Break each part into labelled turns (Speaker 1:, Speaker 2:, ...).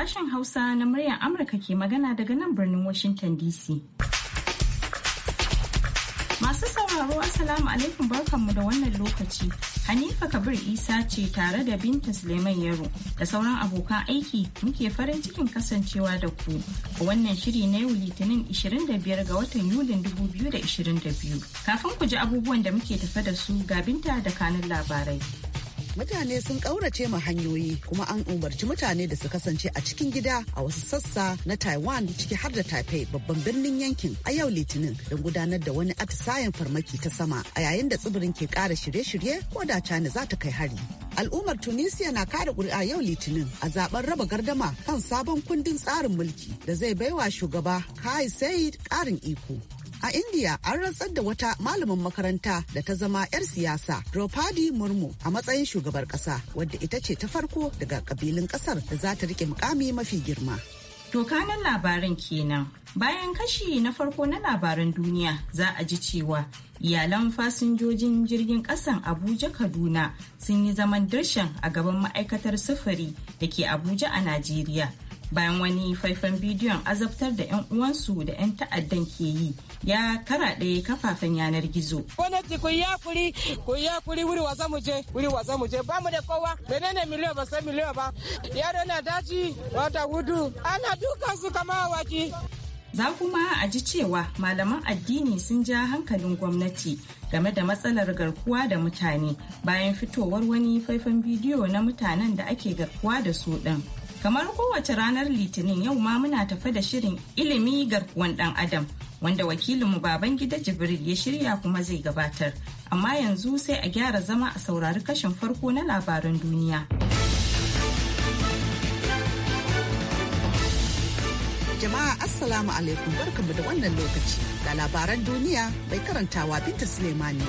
Speaker 1: sashen Hausa na muryar Amurka ke magana daga nan birnin Washington DC. Masu sauraro Assalamu alaikum barkanmu da wannan lokaci. Hanifa Kabir Isa ce tare da Binta Suleiman Yaro da sauran abokan aiki muke farin cikin kasancewa da ku. Wannan shiri na yau Litinin 25 ga watan Yulin 2022. Kafin ku ji abubuwan da muke tafe da su ga Binta da kanin labarai.
Speaker 2: mutane sun ƙaurace ma hanyoyi kuma an umarci mutane da su kasance a cikin gida a wasu sassa na Taiwan ciki har da Taipei babban birnin yankin a yau Litinin don gudanar da wani atisayen farmaki ta sama a yayin da tsibirin ke ƙara shirye-shirye ko da China za ta kai hari. Al'ummar Tunisia na kada ƙuri'a yau Litinin a zaben raba gardama kan sabon kundin tsarin mulki da zai baiwa shugaba Kai Said ƙarin iko. A India an rantsar da wata malamin makaranta da ta zama 'yar siyasa Draupadi Murmu a matsayin shugabar ƙasa wadda ita ce ta farko daga kabilin ƙasar da za ta rike mukami mafi girma.
Speaker 1: Tokanan labarin kenan. Bayan kashi na farko na labaran duniya za a ji cewa iyalan fasinjojin jirgin kasan Abuja Kaduna sun yi zaman dirshan a gaban ma'aikatar sufuri da ke Abuja a Najeriya. bayan wani faifan bidiyon azabtar da 'yan uwansu da 'yan ta'addan ke yi ya kara ɗaya kafafen yanar gizo.
Speaker 3: Gwamnati ku ya kuri ku ya kuri wuri waza mu je wuri waza mu je ba da kowa menene miliyan ba sai miliyan ba yaro na daji wata hudu ana dukan su kama waki. Za kuma a
Speaker 1: ji cewa malaman addini sun ja hankalin gwamnati game da matsalar garkuwa da mutane bayan fitowar wani faifan bidiyo na mutanen da ake garkuwa da su ɗin. Kamar kowace ranar Litinin yau ma muna tafe da shirin ilimi garkuwan ɗan Adam wanda wakilinmu baban gida Jibril ya shirya kuma zai gabatar. Amma yanzu sai a gyara zama a saurari kashin farko na labaran duniya.
Speaker 2: Jama'a Assalamu alaikum barkamu da wannan lokaci da labaran duniya bai karantawa Binta Suleimani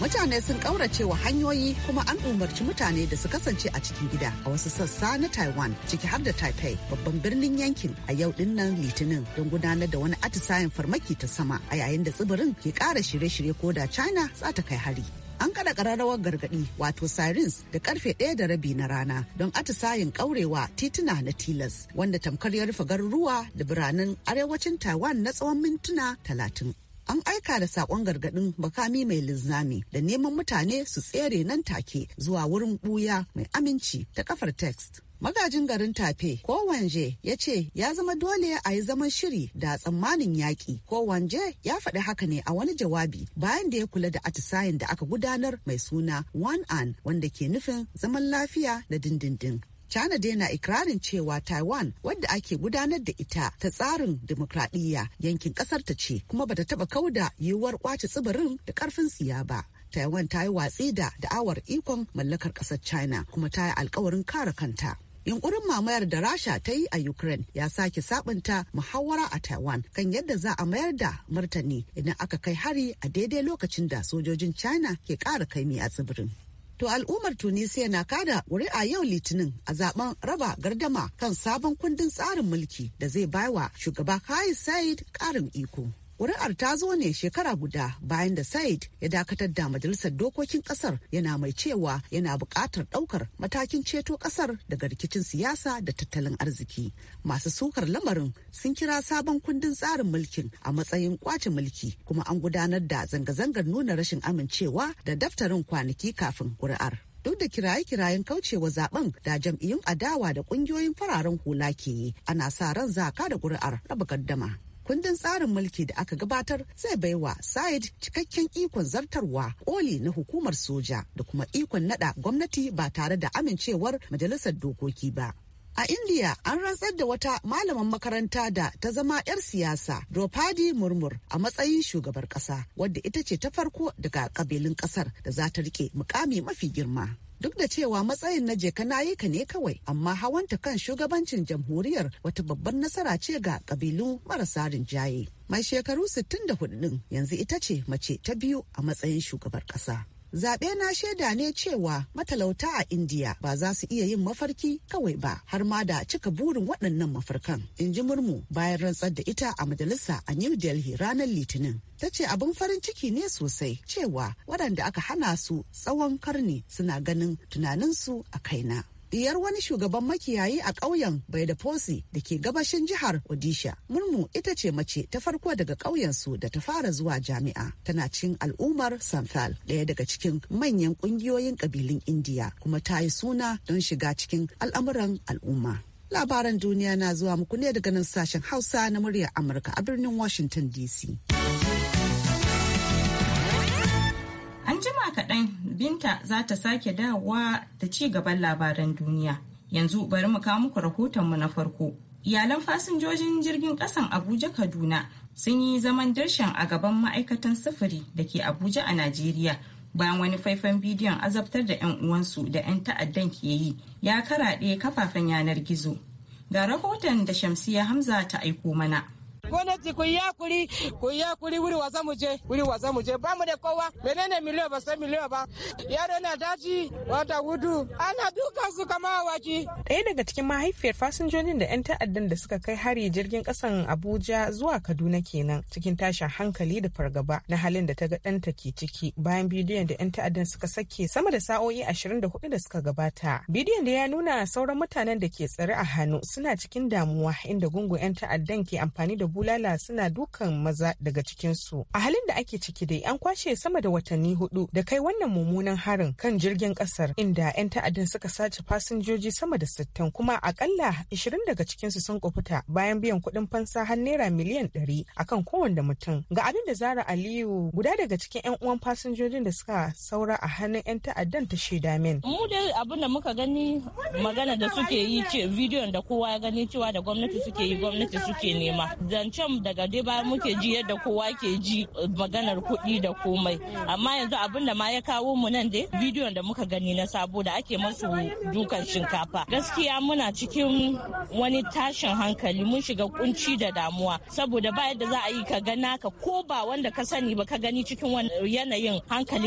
Speaker 2: mutane sun kaurace wa hanyoyi kuma an umarci mutane da su kasance a cikin gida a wasu sassa na taiwan ciki har da taipei babban birnin yankin a yau din nan litinin don gudanar da wani atisayen farmaki ta sama a yayin da tsibirin ke kara shirye-shirye ko da china za ta kai hari an kada kararrawar gargadi wato sirens da karfe ɗaya da rabi na rana don atisayin kaurewa tituna na tilas wanda tamkar ya rufe garuruwa da biranen arewacin taiwan na tsawon mintuna talatin an aika da sakon gargadin bakami mai linzami da neman mutane su tsere nan take zuwa wurin buya mai aminci ta kafar text magajin garin tafe ko wanje ya ce ya zama dole a yi zaman shiri da tsammanin yaƙi ko wanje ya faɗi haka ne a wani jawabi bayan da ya kula da atisayen da aka gudanar mai suna one an wanda ke nufin zaman lafiya da dindindin China dai na ikirarin cewa Taiwan wadda ake gudanar da ita ta tsarin demokradiyya yankin kasar ta ce kuma bata taɓa kauda yiwuwar kwace tsibirin da karfin tsiya ba. Taiwan ta yi watsi da da'awar ikon mallakar kasar China kuma ta yi alkawarin kare kanta. yunkurin mamayar da rasha ta yi a ukraine ya sake sabunta muhawara a taiwan kan yadda za a mayar da martani idan aka kai hari a daidai lokacin da sojojin china ke kara kaimi a tsibirin To al'ummar Tunisiya na kada ƙuri'a yau Litinin a zaben raba gardama kan sabon kundin tsarin mulki da zai baiwa shugaba Kais Said ƙarin iko. Ƙuri'ar ta zo ne shekara guda bayan da Said ya dakatar da majalisar dokokin ƙasar yana mai cewa yana buƙatar ɗaukar matakin ceto ƙasar daga rikicin siyasa da tattalin arziki. Masu sukar lamarin sun kira sabon kundin tsarin mulkin a matsayin kwace mulki kuma an gudanar da zanga-zangar nuna rashin amincewa da daftarin kwanaki kafin ƙuri'ar. duk da kiraye-kirayen kaucewa zaben da jam'iyyun adawa da ƙungiyoyin fararen hula ke yi ana sa ran zaka da ƙuri'ar raba gaddama kundin tsarin mulki da aka gabatar zai baiwa Said cikakken ikon zartarwa koli na hukumar soja da kuma ikon nada gwamnati ba tare da amincewar majalisar dokoki ba. A India an rantsar da wata malaman makaranta da ta zama 'yar siyasa Dropadi Murmur a matsayin shugabar ƙasa wadda ita ce ta farko daga ƙabilun ƙasar da za ta rike mukami mafi girma. duk da cewa matsayin na jeka nayika ne kawai amma hawanta kan shugabancin jamhuriyar wata babbar nasara ce ga kabilu marasa rinjaye mai shekaru 64 yanzu ita ce mace ta biyu a matsayin shugabar kasa Zaɓe na shaida ne cewa matalauta a Indiya ba za su iya yin mafarki kawai ba har ma da cika burin waɗannan mafarkan. In ji murmu bayan rantsar da ita a majalisa a New Delhi ranar Litinin. ta ce abin farin ciki ne sosai cewa waɗanda aka hana su tsawon karni suna ganin tunaninsu a kaina. diyar wani shugaban makiyayi a ƙauyen bai da posi da ke gabashin jihar odisha murmu ita ce mace ta farko daga ƙauyensu da ta fara zuwa jami'a tana cin al'ummar santhal ɗaya daga cikin manyan ƙungiyoyin ƙabilun indiya kuma ta yi suna don shiga cikin al'amuran al'umma labaran duniya na zuwa muku ne daga nan sashen hausa na muryar amurka a birnin washington dc
Speaker 1: An jima kaɗan Binta za ta sake dawowa da ci gaban labaran duniya. Yanzu bari mu kawo muku rahotonmu na farko. Iyalan fasinjojin jirgin ƙasan Abuja Kaduna sun yi zaman darshen a gaban ma'aikatan sufuri da ke Abuja a Najeriya bayan wani faifan bidiyon azabtar da 'yan uwansu da 'yan ta'addan ke yi ya karaɗe kafafen yanar gizo. Ga rahoton da Shamsiya Hamza ta aiko mana.
Speaker 3: gwamnati ku yi yakuri ku yi yakuri wuri wa je wuri wa je ba mu da kowa menene miliyo ba sai miliyo ba yaro na daji wata hudu ana dukan su kama waki ɗaya daga cikin mahaifiyar fasinjojin da 'yan ta'addan da suka kai hari jirgin ƙasan abuja zuwa kaduna kenan cikin tashin hankali da fargaba na halin da ta ga ɗanta ke ciki bayan bidiyon da 'yan ta'addan suka sake sama da sa'o'i 24 da suka gabata bidiyon da ya nuna sauran mutanen da ke tsare a hannu suna cikin damuwa inda gungun 'yan ta'addan ke amfani da bulala suna dukan maza daga cikinsu. A halin da ake ciki dai an kwashe sama da watanni hudu da kai wannan mummunan harin kan jirgin kasar inda 'yan ta'addan suka sace fasinjoji sama da sittin kuma akalla 20 daga cikinsu sun kufuta bayan biyan kuɗin fansa har naira miliyan 100 akan kowanne mutum. Ga abin da Zara Aliyu guda daga cikin 'yan uwan fasinjojin da suka saura a hannun 'yan ta'addan ta
Speaker 4: shaida min. Mu dai abin da muka gani magana da suke yi ce bidiyon da kowa ya gani cewa da gwamnati suke yi gwamnati suke nema. Da zancen daga dai ba muke ji yadda kowa ke ji eh, maganar kuɗi da komai amma yanzu abin da ma ya kawo mu nan dai bidiyon da muka gani na sabo da ake masu dukan shinkafa gaskiya muna cikin wani tashin hankali mun shiga kunci da damuwa saboda ba yadda za a yi ka ga naka ko ba wanda ka sani ba ka gani cikin wani yanayin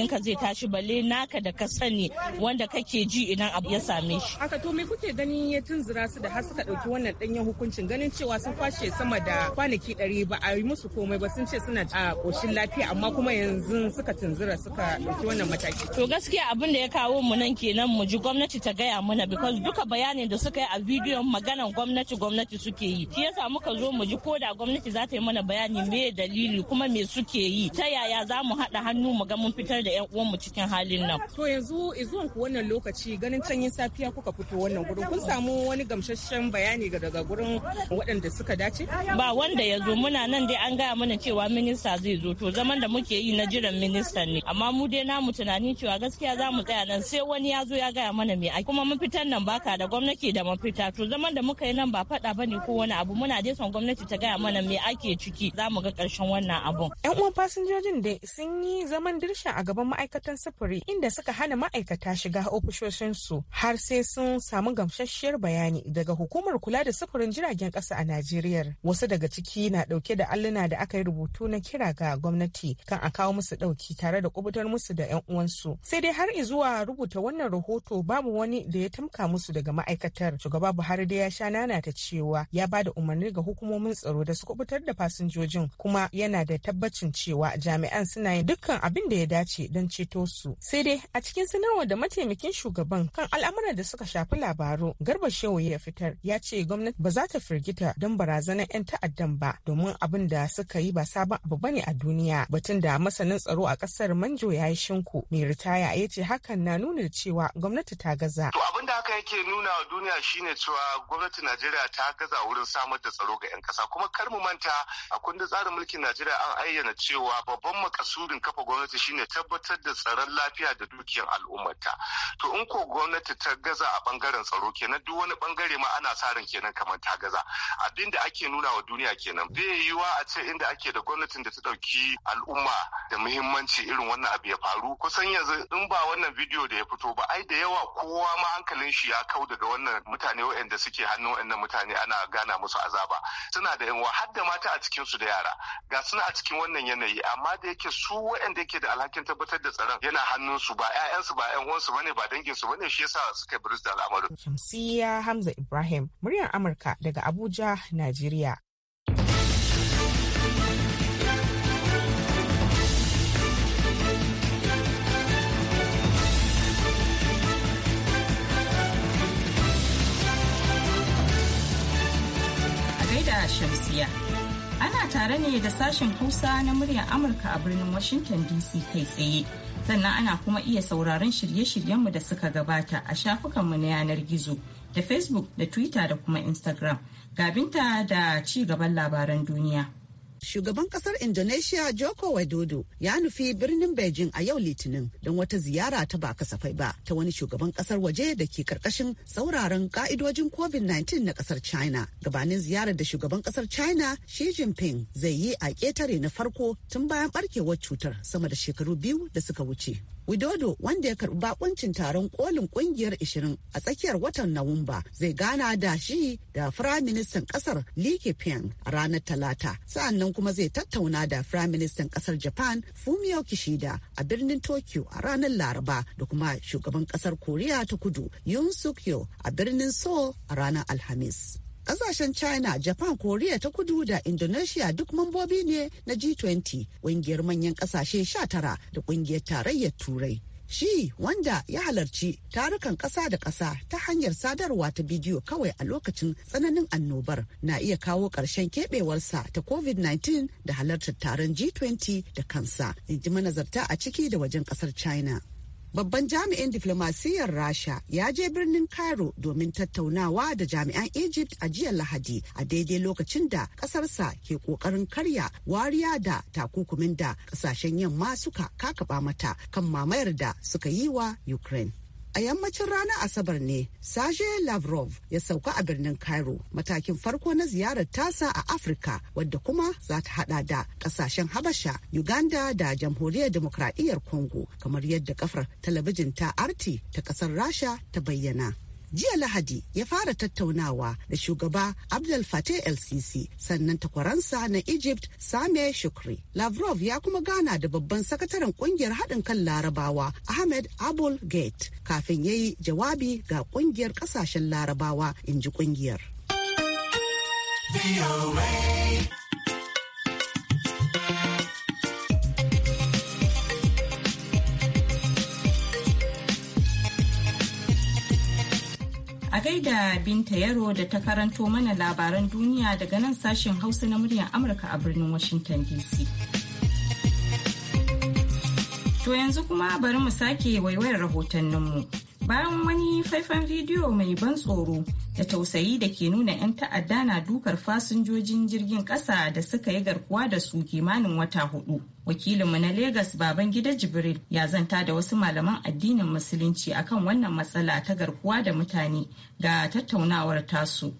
Speaker 4: ka zai tashi balle naka da ka sani wanda kake ji idan abu ya same shi haka to me kuke ganin ya tunzura su
Speaker 3: da har suka dauki wannan danyen hukuncin ganin cewa sun kwashe sama da kwanaki ɗari ba a yi musu komai ba
Speaker 4: sun ce suna a ƙoshin lafiya amma kuma yanzu suka tunzura suka ɗauki wannan mataki. To gaskiya abin da ya kawo mu nan kenan mu ji gwamnati ta gaya mana because duka bayanin da suka yi a bidiyon maganan gwamnati gwamnati suke yi. Shi yasa muka zo mu ji da gwamnati za ta yi mana bayani me dalili kuma me suke yi ta yaya za mu haɗa hannu mu ga mun fitar da yan uwanmu cikin halin nan.
Speaker 3: To yanzu izuwan ku wannan lokaci ganin canyin safiya kuka fito wannan gurin kun samu wani gamsasshen bayani daga gurin waɗanda suka dace? Ba da ya zo
Speaker 4: muna nan dai an gaya mana cewa minista zai zo to zaman da muke yi na jiran ministan ne amma mu dai namu tunani cewa gaskiya za mu tsaya nan sai wani ya zo ya gaya mana me ai kuma mafitan nan baka da gwamnati da mafita to zaman da muka yi nan ba faɗa ba ne ko wani abu muna dai son gwamnati ta gaya mana me ake ciki za mu ga karshen wannan abun.
Speaker 3: Yan uwan fasinjojin da sun yi zaman dirsha a gaban ma'aikatan sufuri inda suka hana ma'aikata shiga ofishoshinsu har sai sun samu gamsasshiyar bayani daga hukumar kula da sufurin jiragen ƙasa a Najeriya. Wasu daga ciki ciki na dauke da alluna da aka yi rubutu na kira ga gwamnati kan a kawo musu dauki tare da kubutar musu da 'yan uwansu sai dai har zuwa rubuta wannan rahoto babu wani da ya tamka musu daga ma'aikatar shugaba buhari da ya sha nana ta cewa ya ba da umarni ga hukumomin tsaro da su kubutar da fasinjojin kuma yana da tabbacin cewa jami'an suna yin dukkan abin da ya dace don ceto su sai dai a cikin sanarwar da mataimakin shugaban kan al'amuran da suka shafi labaru garba shehu ya fitar ya ce gwamnati ba za ta firgita don barazanar 'yan ta'addan ba domin abin da suka yi ba sabon abu bane a duniya batun da masanin tsaro a kasar manjo ya yi shinku mai ritaya ya ce hakan na nuna cewa gwamnati ta gaza. To abin
Speaker 5: da haka yake nuna wa duniya shine cewa
Speaker 6: gwamnati Najeriya ta gaza wurin samar da tsaro ga 'yan kasa kuma kar mu manta a kundin tsarin mulkin Najeriya an ayyana cewa babban makasudin kafa gwamnati shine tabbatar da tsaron lafiya da dukiyar al'ummata. To in ko gwamnati ta gaza a bangaren tsaro kenan duk wani bangare ma ana sa ran kenan kamar ta gaza. Abin da ake nuna wa duniya kenan bai yiwuwa a ce inda ake da gwamnatin da ta ɗauki al'umma da muhimmanci irin wannan abu ya faru kusan yanzu in ba wannan bidiyo da ya fito ba ai da yawa kowa ma hankalin shi ya kau daga wannan mutane waɗanda suke hannun waɗannan mutane ana gana musu azaba suna da yan har da mata a cikin su da yara ga suna a cikin wannan yanayi amma da yake su waɗanda yake da alhakin tabbatar da tsaron yana hannun su ba 'ya'yansu ba 'yan uwansu bane ba dangin su bane shi yasa suka biris da al'amarin.
Speaker 3: Shamsiya Hamza Ibrahim muryar Amurka daga Abuja, Najeriya.
Speaker 1: da Shamsiya. Ana tare ne da sashen Hausa na muryar Amurka a birnin Washington DC kai tsaye. Sannan ana kuma iya sauraron shirye-shiryenmu da suka gabata a shafukanmu na yanar gizo da Facebook da Twitter da kuma Instagram. Gabinta da ci gaban labaran duniya.
Speaker 2: Shugaban kasar Indonesia Joko Widodo ya nufi birnin Beijing a yau Litinin don wata ziyara ta ba kasafai ba ta wani shugaban kasar waje da ke karkashin sauraron ka'idojin COVID-19 na kasar China. Gabanin ziyarar da shugaban kasar China Xi Jinping zai yi a ƙetare na farko tun bayan barkewar cutar sama da shekaru biyu da suka wuce. Widodo wanda ya karɓi bakuncin taron kolin kungiyar 20 a tsakiyar watan Nuwamba zai gana da shi da Firaministan kasar Li Keqiang a ranar Talata. Sa'annan kuma zai tattauna da Firaministan kasar Japan Fumio Kishida a birnin Tokyo a ranar Laraba da kuma shugaban kasar Koriya ta Kudu Yun Suk a birnin Seoul a ranar Alhamis. Ƙasashen China, Japan, Koriya ta kudu da Indonesia duk mambobi ne na G20, ƙungiyar manyan ƙasashe 19 da ƙungiyar tarayyar Turai. Shi wanda ya halarci tarukan ƙasa da ƙasa ta hanyar sadarwa ta bidiyo kawai a lokacin tsananin annobar na iya kawo ƙarshen keɓewarsa ta COVID-19 da halartar taron G20 da kansa, in ji manazarta a ciki da wajen ƙasar China. babban jami'in diflomasiyyar rasha ya je birnin cairo domin tattaunawa da jami'an egypt a jiya lahadi a daidai lokacin da ƙasarsa ke ƙoƙarin karya wariya da takunkumin da kasashen yamma suka kakaba mata kan mamayar da suka yi wa ukraine a yammacin ranar asabar ne sage lavrov ya sauka a birnin cairo matakin farko na ziyarar tasa a afirka wadda kuma za ta hada da kasashen habasha uganda da jamhuriyar demokradiyyar congo kamar yadda kafar talabijin ta arti ta kasar rasha ta bayyana jiya lahadi ya fara tattaunawa da shugaba abdul fattah el sisi sannan takwaransa na egypt same shukri lavrov ya kuma gana da babban sakataren kungiyar haɗin kan larabawa ahmed abul gate kafin ya yi jawabi ga kungiyar ƙasashen larabawa in ji kungiyar
Speaker 1: da Binta Yaro da ta karanto mana labaran duniya daga nan sashen Hausa na muryar Amurka a birnin Washington DC. To yanzu kuma bari mu sake waiwayar rahotanninmu. bayan wani faifan bidiyo mai ban tsoro da tausayi da ke nuna 'yan ta'adda na dukar fasinjojin jirgin kasa da suka yi garkuwa da su kimanin wata hudu wakilinmu na Legas baban gida jibril ya zanta da wasu malaman addinin musulunci akan wannan matsala ta garkuwa da mutane ga tattaunawar tasu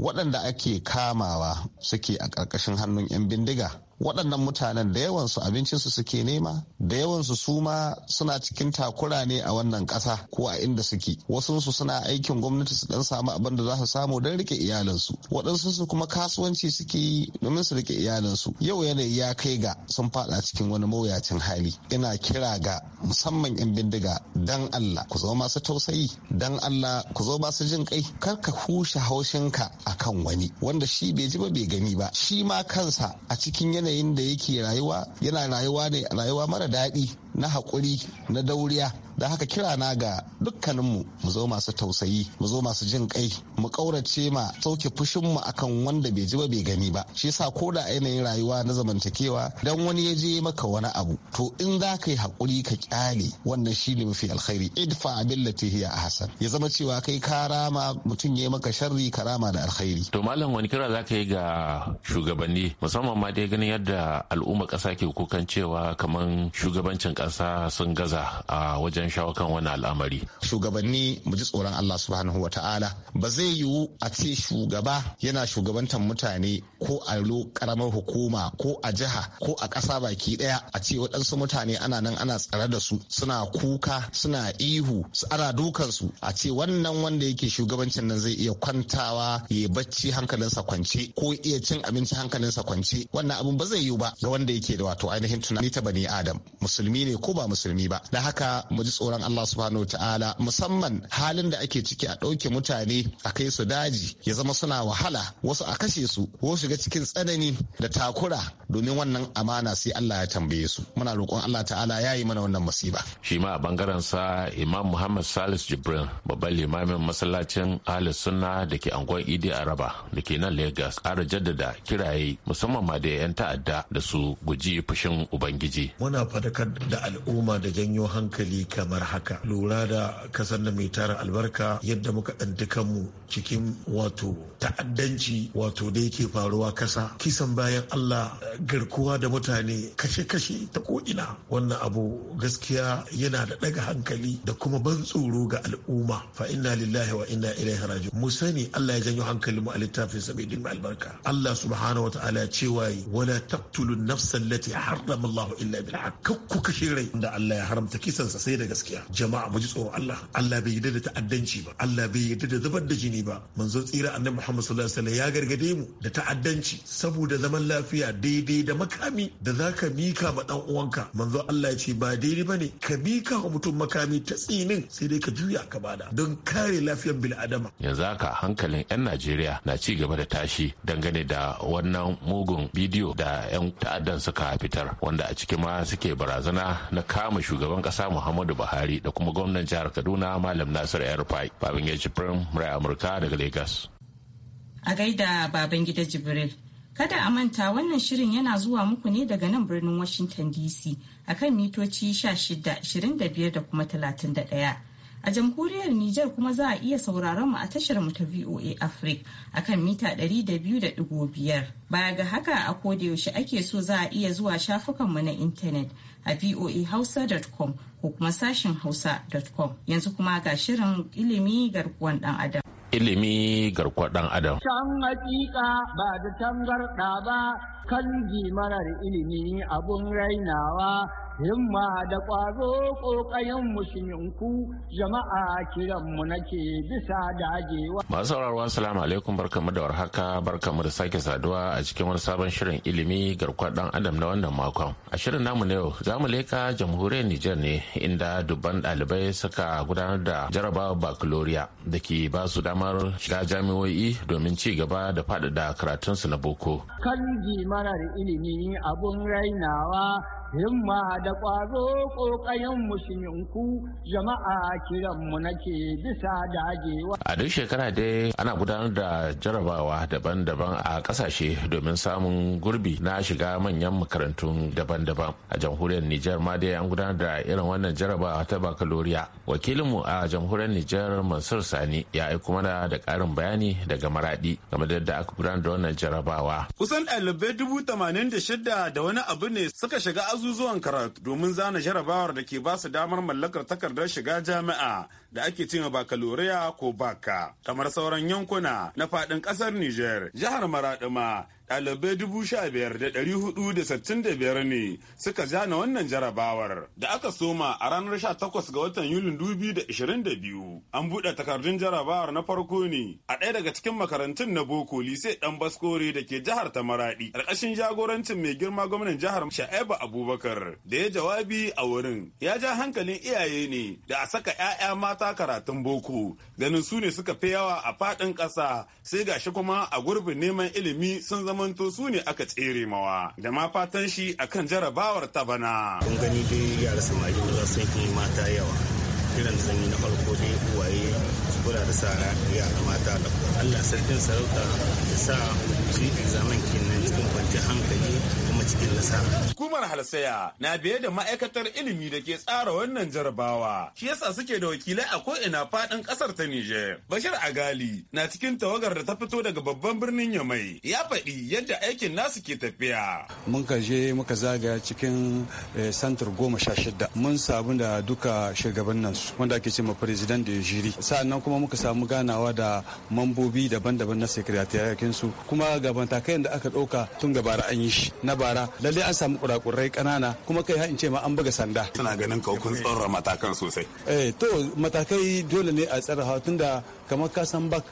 Speaker 6: waɗanda ake kamawa suke a ƙarƙashin hannun 'yan bindiga waɗannan mutanen da yawansu abincinsu suke nema da yawansu su ma suna cikin takura ne a wannan ƙasa ko a inda suke wasunsu suna aikin gwamnati su dan samu abin da za su samu don rike iyalinsu waɗansu su kuma kasuwanci suke yi domin su rike iyalinsu yau yanayi ya kai ga sun faɗa cikin wani mawuyacin hali ina kira ga musamman 'yan bindiga dan Allah ku zo masu tausayi dan Allah ku zo masu jin kai kar ka hushe haushinka akan wani wanda shi bai ji ba bai gani ba shi ma kansa a cikin yanayi yanayin da yake rayuwa yana rayuwa ne rayuwa mara daɗi na haƙuri na dauriya da haka kira na ga dukkaninmu mu zo masu tausayi mu zo masu jin kai mu ƙaurace ma sauke fushinmu akan wanda bai ji ba bai gani ba shi yasa ko da yanayin rayuwa na zamantakewa dan wani ya je maka wani abu to in za ka yi haƙuri ka ƙyale wannan shi ne mafi alkhairi idfa billati hiya ahsan ya zama cewa kai ka rama mutum ya maka sharri ka rama da alkhairi
Speaker 7: to malam wani kira za ka yi ga shugabanni musamman ma dai ganin yadda al'umma ƙasa ke kukan cewa kamar shugabancin ƙasa Kasa sun gaza a wajen shawo kan wani al'amari.
Speaker 6: Shugabanni mu ji tsoron Allah subhanahu wa ta'ala ba zai yiwu a ce shugaba yana shugabantar mutane ko a lo karamar hukuma ko a jiha ko a ƙasa baki ɗaya a ce waɗansu mutane ana nan ana tsare da su suna kuka suna ihu ana dukan su a ce wannan wanda yake shugabancin nan zai iya kwantawa ya bacci hankalinsa kwance ko iya cin abinci hankalinsa kwance wannan abin ba zai yiwu ba ga wanda yake da wato ainihin tunani ta bani adam musulmi ne ne ko ba musulmi ba da haka mu ji tsoron Allah subhanahu ta'ala musamman halin da ake ciki a ɗauke mutane a kai su daji ya zama suna wahala wasu a kashe su ko shiga cikin tsanani da takura domin wannan amana sai Allah ya tambaye su muna roƙon Allah ta'ala ya yi mana wannan musiba
Speaker 7: shi ma a bangaren sa Imam Muhammad Salis Jibril babban limamin masallacin Ahli Sunna da ke angon Idi Araba da ke nan Lagos ƙara jaddada kiraye musamman ma da 'yan ta'adda da su guji fushin Ubangiji
Speaker 8: muna fadakar da da al'umma da janyo hankali kamar haka lura da kasar da mai tara albarka yadda muka ɗanta kanmu cikin wato ta'addanci wato da yake faruwa kasa kisan bayan allah garkuwa da mutane kashe-kashe ta ko'ina wannan abu gaskiya yana da ɗaga hankali da kuma ban tsoro ga al'umma fa inna lillahi wa inna ilaihi raji mu sani allah ya janyo mu a littafin sa mai albarka allah subhanahu wa ta'ala cewa wala taqtulu nafsan lati harrama allah illa bil haqq ku kashe cikin rai da Allah ya haramta kisan sa sai da gaskiya jama'a mu ji tsoron Allah Allah bai yarda da ta'addanci ba Allah bai yarda da zubar da jini ba manzon tsira annabi Muhammad sallallahu alaihi wasallam ya gargade mu da ta'addanci saboda zaman lafiya daidai da makami da zaka mika ma dan uwanka manzo Allah ya ce ba daidai bane ka mika wa mutum makami ta tsinin sai dai ka juya ka bada don kare lafiyar bil'adama
Speaker 7: yanzu haka hankalin yan Najeriya na ci gaba da tashi dangane da wannan mugun bidiyo da yan ta'addan suka fitar wanda a cikin ma suke barazana na kama shugaban kasa muhammadu buhari da kuma gwamnan jihar kaduna malam nasir yarfai babin ya murai amurka daga lagos
Speaker 1: a gaida baban jibril kada a manta wannan shirin yana zuwa muku ne daga nan birnin washington dc a kan mitoci 16 ashirin da kuma talatin da ɗaya. a jamhuriyar Nijar kuma za a iya sauraron mu a tashar mu ta VOA Africa a kan mita ɗari da da biyu biyar. Baya ga haka a kodayaushe ake so za a iya zuwa shafukan mu na intanet a voahausa.com ko kuma sashen hausa.com yanzu kuma ga shirin ilimi garkuwan dan adam.
Speaker 7: Ilimi garkuwan dan
Speaker 9: adam. Can hakika ba da tangarda ba kan marar ilimi abun rainawa himma da ƙwazo ƙoƙayen musulminku jama'a kiranmu nake bisa dagewa.
Speaker 7: Masu sauraro salamu alaikum barkamu da warhaka barkamu da sake saduwa a cikin wani sabon shirin ilimi garkuwar dan adam na wannan makon. A shirin namu na yau za mu leka jamhuriyar Nijar ne inda dubban ɗalibai suka gudanar da jarabawa baccalaureate da ke ba su damar shiga jami'o'i domin ci gaba da faɗaɗa karatunsu na boko.
Speaker 9: Kan jimarar ilimi abun rainawa himma da ƙwazo ƙoƙayen musulminku jama'a kiran mu nake bisa dagewa. A
Speaker 7: duk shekara dai ana gudanar da jarabawa daban-daban a ƙasashe domin samun gurbi na shiga manyan makarantu daban-daban. A jamhuriyar Nijar ma dai an gudanar da irin wannan jarabawa ta bakaloriya. Wakilinmu a jamhuriyar Nijar Mansur Sani ya yi mana da ƙarin bayani daga Maraɗi, game da yadda aka gudanar da wannan jarabawa.
Speaker 8: Kusan ɗalibai dubu tamanin da shida da wani abu ne suka shiga azuzuwan karatu. domin zana jarabawar da ke basu damar mallakar takardar shiga jami'a da ake cewa bakaloriya ko baka kamar sauran yankuna na faɗin ƙasar Nijar, jihar Maraɗima ɗalibai dubu sha biyar da ɗari hudu da sittin da biyar ne suka zana wannan jarabawar da aka soma a ranar sha takwas ga watan yulin dubu da ishirin da biyu an buɗe takardun jarabawar na farko ne a ɗaya daga cikin makarantun na boko lise ɗan baskore da ke jihar ta maraɗi ƙarƙashin jagorancin mai girma gwamnan jihar sha'ibu abubakar da ya jawabi a wurin ya ja hankalin iyaye ne da a saka 'ya'ya mata karatun boko ganin su ne suka fi yawa a faɗin ƙasa sai gashi kuma a gurbin neman ilimi sun zama zamanto su ne aka tsere mawa da ma fatan shi a kan jarabawar ta bana. Kun gani dai yara samari za sun yi mata yawa.
Speaker 6: Kiran zan yi na farko dai uwaye su kula da sa yara mata da Allah sarkin sarauta ya sa su yi zaman kenan cikin kwanciyar hankali cikin nasara.
Speaker 8: Hukumar Halsaya na biye da ma'aikatar ilimi da ke tsara wannan jarabawa. Shi yasa suke da wakilai a ko'ina faɗin ƙasar ta Nijar. Bashir Agali na cikin tawagar da ta fito daga babban birnin Yamai. Ya faɗi yadda aikin nasu ke tafiya. Mun ka je muka zagaya cikin eh, santar goma sha shida. Mun samu da duka shugabannin su wanda ake cewa president da jiri. Sa'annan kuma muka samu ganawa da mambobi daban-daban na sekretariyakin su. Kuma ga matakai da aka ɗauka tun gabara an yi shi. Na bara yara lalle an samu kurakurai kanana kuma kai har in ce ma an buga sanda tana ganin ka kun tsara matakan sosai eh to matakai dole ne a tsara tunda kamar ka san bak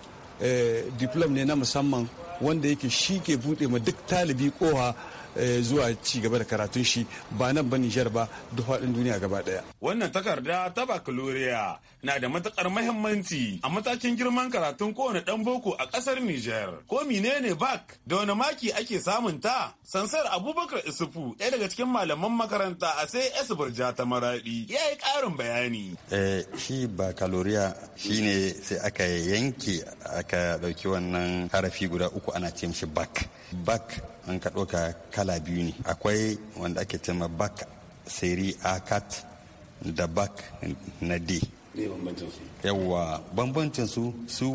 Speaker 8: eh, diplom ne na musamman wanda yake shi ke bude ma duk talibi koha eh, zuwa ci gaba da karatun shi ba nan ba Nijar ba duk faɗin duniya gaba ɗaya. Wannan takarda ta bakaloriya na da matukar mahimmanci a matakin girman karatun kowane ɗan boko a ƙasar Nijar. Ko menene bak da wani maki ake samun ta? Sansar Abubakar Isufu ɗaya daga cikin malaman makaranta a sai S Burja ta Maraɗi ya yi ƙarin bayani.
Speaker 9: Eh, shi bakaloriya shi ne sai aka yanke aka ɗauki wannan harafi guda uku uku ana ce mishi bak bak an ka ɗauka kala biyu ne akwai wanda ake ce ma bak seri akat da bak na d yawwa bambancin su su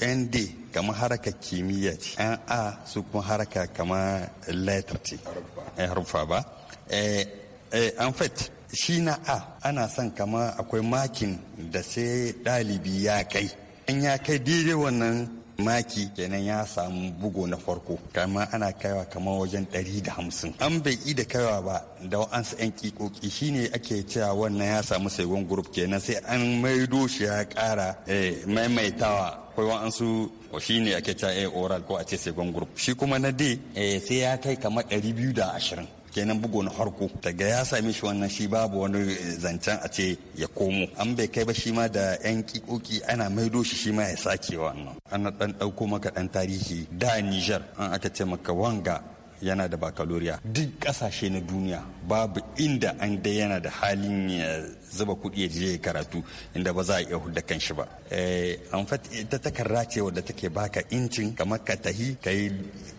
Speaker 9: nd kama haraka kimiyya ce yan a su kuma haraka kama letter ce harfa eh, ba an eh, eh, fait shi na a ana son kama akwai makin da sai ɗalibi ya kai an ya kai daidai wannan maki kenan ya samu bugu na farko kama ana kaiwa kamar wajen ɗari da hamsin an bai yi da kaiwa ba da wa'ansu 'yan kikoki shine ake cewa wannan ya samu saigon group kenan sai an maido shi ya ƙara eh, maimaitawa akwai wa'ansu oh, shi ne ake cewa oral ko a ce saigon group shi kuma na d eh, sai ya kai kamar 220 kenan bugu na farko daga ya sami shi wannan shi babu wani eh, zancen a ce ya komo an bai kai ba shi ma da yan kikoki ana maido shi shi ma ya sake wannan ana dan dauko maka dan tarihi da Niger an aka ce maka wanga yana da bakaloriya duk kasashe na duniya babu inda an dai yana da halin eh, zuba kuɗi ya je karatu inda ba za a iya hudda kan shi ba eh, an ita takarda ce wadda take baka incin kamar ka tahi ka yi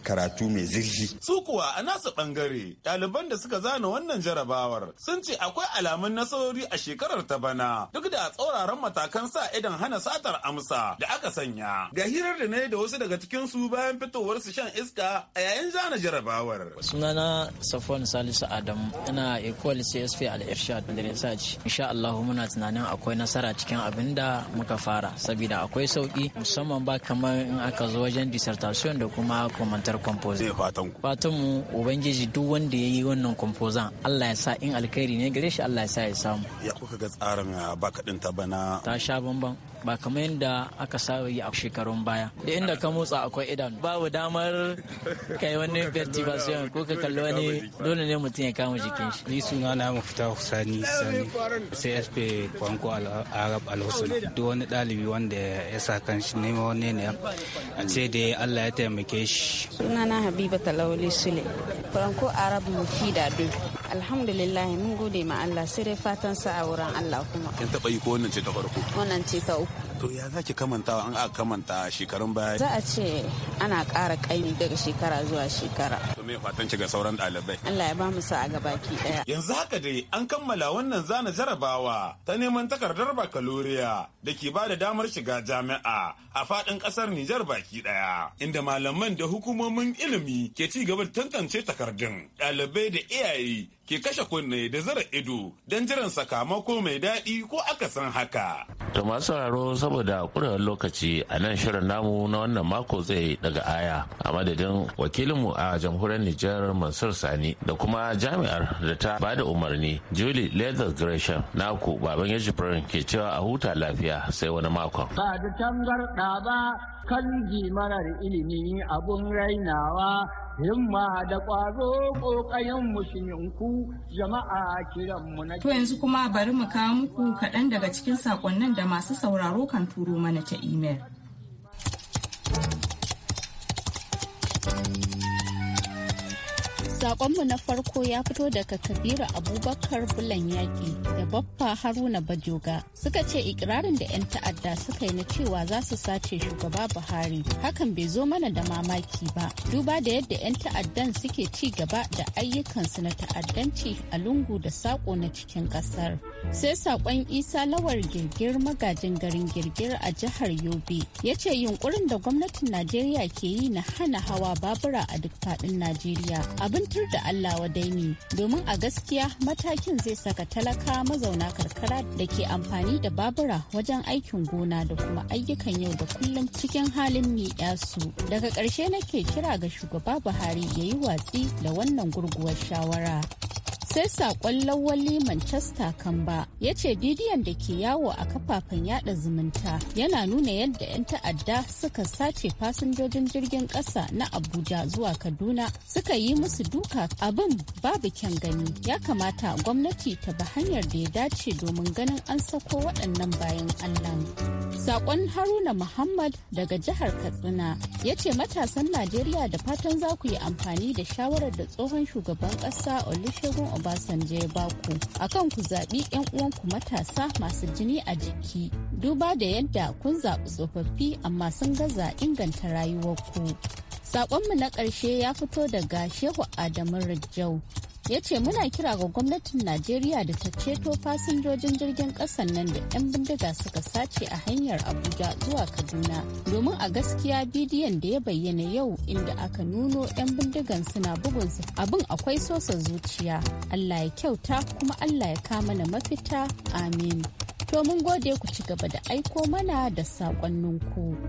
Speaker 9: karatu mai zirji.
Speaker 8: su kuwa a nasu bangare ɗaliban da suka zana wannan jarabawar sun ce akwai alamun nasarori a shekarar ta bana duk da tsauraran matakan sa idan hana satar amsa da aka sanya ga hirar da na yi da wasu daga cikin su bayan fitowar su shan iska
Speaker 4: a yayin zana jarabawar sunana safwan salisu Adamu ina equal csp al-irshad da research Allah muna tunanin akwai nasara cikin abin da muka fara saboda akwai sauki musamman ba kamar in aka zo wajen dissertation da kuma komantar composer fatan fatan mu ubangiji duk wanda yayi wannan composer Allah ya sa in alkhairi ne gare shi Allah ya sa ya samu
Speaker 8: ya kuka ga tsarin ah, ba kadin ta
Speaker 4: bana ta sha bamban ba kamar yadda aka saba yi a shekarun baya da inda ka motsa akwai idan babu damar kai wani festivasiyon ko ka kalli wani
Speaker 5: dole ne mutum ya kama jikin shi ni suna na mafita sani sani csp kwanko arab alhussein duk wani dalibi wanda ya sa kan shi nema wani ne a ce da allah ya taimake shi
Speaker 10: suna na habiba talauli sule kwanko arab mufida do alhamdulillah mun gode ma allah sai dai fatan sa a wurin allah kuma
Speaker 8: kin taɓa yi ko wannan ce ta farko
Speaker 10: wannan ce ta uku
Speaker 8: To ya zaki kamanta an a kamanta shekarun baya? Za a
Speaker 10: ce ana ƙara ƙaimi daga shekara zuwa shekara.
Speaker 8: To me fatan ga sauran ɗalibai?
Speaker 10: Allah ya ba mu sa a ki ɗaya. Yanzu
Speaker 8: haka dai an kammala wannan zana jarabawa ta neman takardar bakaloriya da ke ba da damar shiga jami'a a faɗin ƙasar Nijar baki ɗaya, inda malaman da hukumomin ilimi ke ci gaba da tantance takardun ɗalibai da iyaye ke kashe kunne da zara ido don jiran sakamako mai daɗi ko aka san haka.
Speaker 7: To masu sauraro saboda ƙurar lokaci a nan shirin namu na wannan mako zai daga aya a madadin wakilinmu a jamhuriyar Nijar Mansur Sani da kuma jami'ar da ta bada umarni Julie Leather Gresham naku baban ya ke cewa a huta lafiya. lafiya sai wani makon.
Speaker 9: Ba da tangarɗa ba kan marar ilimi abun rainawa himma da ƙwazo ƙoƙayen musulunku jama'a kiranmu na.
Speaker 1: To yanzu kuma bari mu kawo muku kaɗan daga cikin saƙonnin da masu sauraro kan turo mana ta imel.
Speaker 10: Sakonmu na farko ya fito daga Kabiru Abubakar Bulan Yaƙi da Baffa Haruna Bajoga suka ce ikirarin da 'yan ta'adda suka yi na cewa za su sace shugaba Buhari hakan bai zo mana da mamaki ba duba da yadda 'yan ta'addan suke ci gaba da ayyukansu na ta'addanci a lungu da saƙo na cikin ƙasar. Sai sakon Isa Lawar Girgir magajin garin Girgir a jihar Yobe ya ce yunkurin da gwamnatin Najeriya ke yi na hana hawa babura a duk faɗin Najeriya abin tir da Allah wa daini domin a gaskiya matakin zai saka talaka mazauna karkara da ke amfani da babura wajen aikin gona da kuma ayyukan yau da kullum cikin halin miƙa su. Daga ƙarshe nake kira ga shugaba Buhari ya yi watsi da wannan gurguwar shawara. sai saƙon lawali manchester kanba ya ce bidiyon da ke yawo a kafafen yada zumunta yana nuna yadda 'yan ta'adda suka sace fasinjojin jirgin ƙasa na abuja zuwa kaduna suka yi musu duka abin babu kyan gani ya kamata gwamnati ta bi hanyar da ya dace domin ganin an sako waɗannan bayan allah saƙon haruna muhammad daga jihar katsina ya ce matasan najeriya da fatan za ku yi amfani da shawarar da tsohon shugaban ƙasa olusegun Obasanjo ya baku a kan ku zaɓi 'yan uwanku matasa masu jini a jiki. Duba da yadda kun zaɓi tsofaffi amma sun gaza inganta rayuwarku. Sakonmu na ƙarshe ya fito daga Shehu Adamu Rajau. ya ce muna kira ga gwamnatin najeriya da ta ceto fasinjojin jirgin kasan nan da 'yan bindiga suka sace a hanyar abuja zuwa kaduna domin a gaskiya bidiyon da ya bayyana yau inda aka nuno 'yan bindigan suna bugunsu abin akwai sosa zuciya allah ya kyauta kuma allah ya kama na mafita amin to mun gode ku ci gaba da aiko mana da saƙonninku.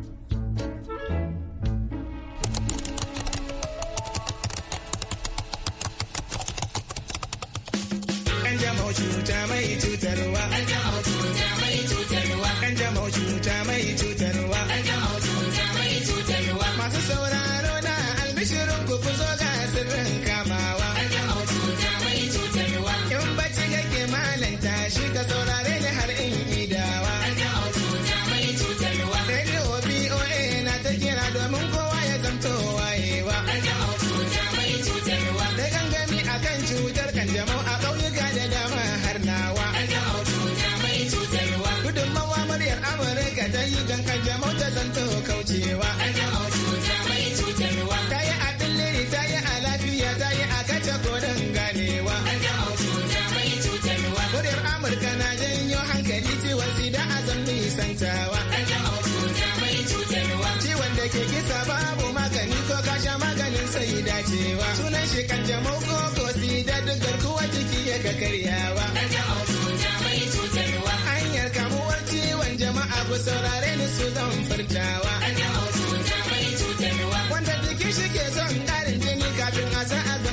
Speaker 5: cuta mai cutarwa kanjamau cuta mai cutarwa masu sauraro na albishirin ku ku zo ga sirrin kamawa kanjamau cuta mai cutarwa yan bacci kake malanta shi ka saurare ni har in idawa kanjamau cuta mai cutarwa radio BOA na ta kira domin kowa ya zamto wayewa kanjamau cuta mai cutarwa da gangami akan cutar kanjamau a zanto kaucewa. Ta yi a billiri, ta yi a lafiya, ta yi a kace koren ganewa. Muryar Amurka na janyo hankali ciwon sida a zan nisantawa. Ciwon da ke kisa babu magani ko kasha maganin saidacewa. Sunan shi kan jamau ko ko sida duk garkuwa jiki ya ga karyawa. babu saurare ni su zan furtawa. Wanda jiki shi ke son karin jini kafin a san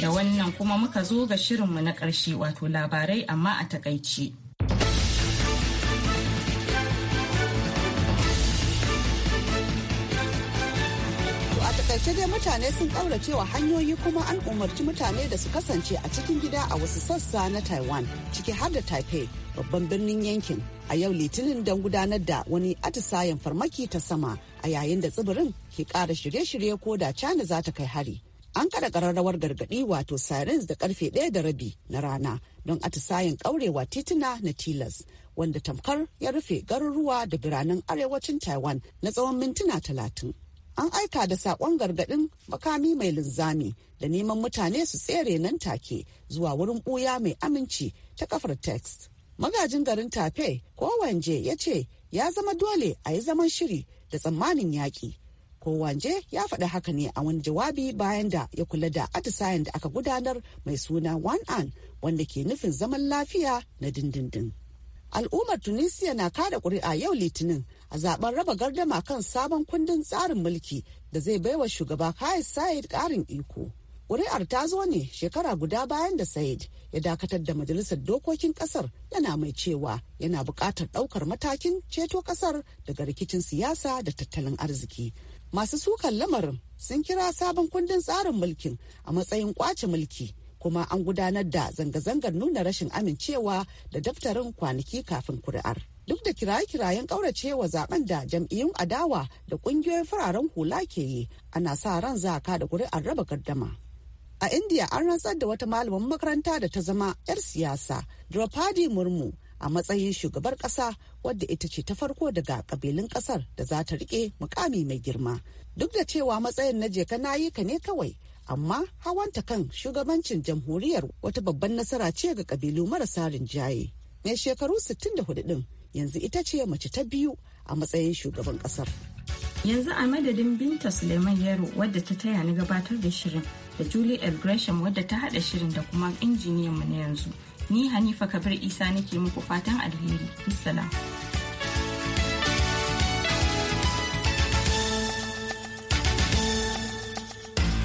Speaker 5: da
Speaker 1: wannan kuma muka zo ga shirinmu na ƙarshe wato labarai amma a takaici
Speaker 2: takaice dai mutane sun cewa hanyoyi kuma an umarci mutane da su kasance a cikin gida a wasu sassa na taiwan ciki har da taipei babban birnin yankin a yau litinin don gudanar da wani atisayen farmaki ta sama a yayin da tsibirin ke kara shirye-shirye ko da China za ta kai hari. An kada ƙararrawar gargaɗi wato sirens da karfe ɗaya da rabi na rana don atisayen ƙaurewa tituna na tilas wanda tamkar ya rufe garuruwa da biranen arewacin Taiwan na tsawon mintuna talatin. An aika da saƙon gargaɗin makami mai linzami da neman mutane su tsere nan take zuwa wurin ɓuya mai aminci ta kafar text. magajin garin tafe ko wanje ya ce ya zama dole a yi zaman shiri da tsammanin yaƙi wanje ya faɗi haka ne a wani jawabi bayan da ya kula da atisayen da aka gudanar mai suna One An wanda ke nufin zaman lafiya na dindindin. Al'ummar Tunisia na kada ƙuri'a yau Litinin a zaben raba gardama kan sabon kundin tsarin mulki da zai baiwa shugaba Kais Sa'id ƙarin iko. Ƙuri'ar ta zo ne shekara guda bayan da Said ya dakatar da majalisar dokokin ƙasar yana mai cewa yana buƙatar ɗaukar matakin ceto ƙasar daga rikicin siyasa da tattalin arziki. masu sukan lamarin sun kira sabon kundin tsarin mulkin a matsayin kwace mulki kuma an gudanar da zanga-zangar nuna rashin amincewa da daftarin kwanaki kafin kuri'ar. Duk da kiraye-kirayen ƙauracewa zaben da jam'iyyun adawa da kungiyoyin fararen hula ke yi ana sa ran za ka da kuri'ar raba gardama. A indiya an rantsar da wata malamin makaranta da ta zama 'yar siyasa, Draupadi Murmu, a matsayin shugabar ƙasa wadda ita ce ta farko daga ƙabilun ƙasar da za ta riƙe mukami mai girma duk da cewa matsayin na jeka nayi ka ne kawai amma hawanta kan shugabancin jamhuriyar wata babban nasara ce ga ƙabilu marasa rinjaye mai shekaru 64 din yanzu ita ce mace ta biyu a matsayin shugaban ƙasar yanzu a madadin binta suleiman
Speaker 1: yaro wadda ta taya ni gabatar da shirin da julie gresham wadda ta haɗa shirin da kuma injiniyan mu na yanzu Ni Hanifa Kabir Isa nake muku fatan alheri. Bissalam.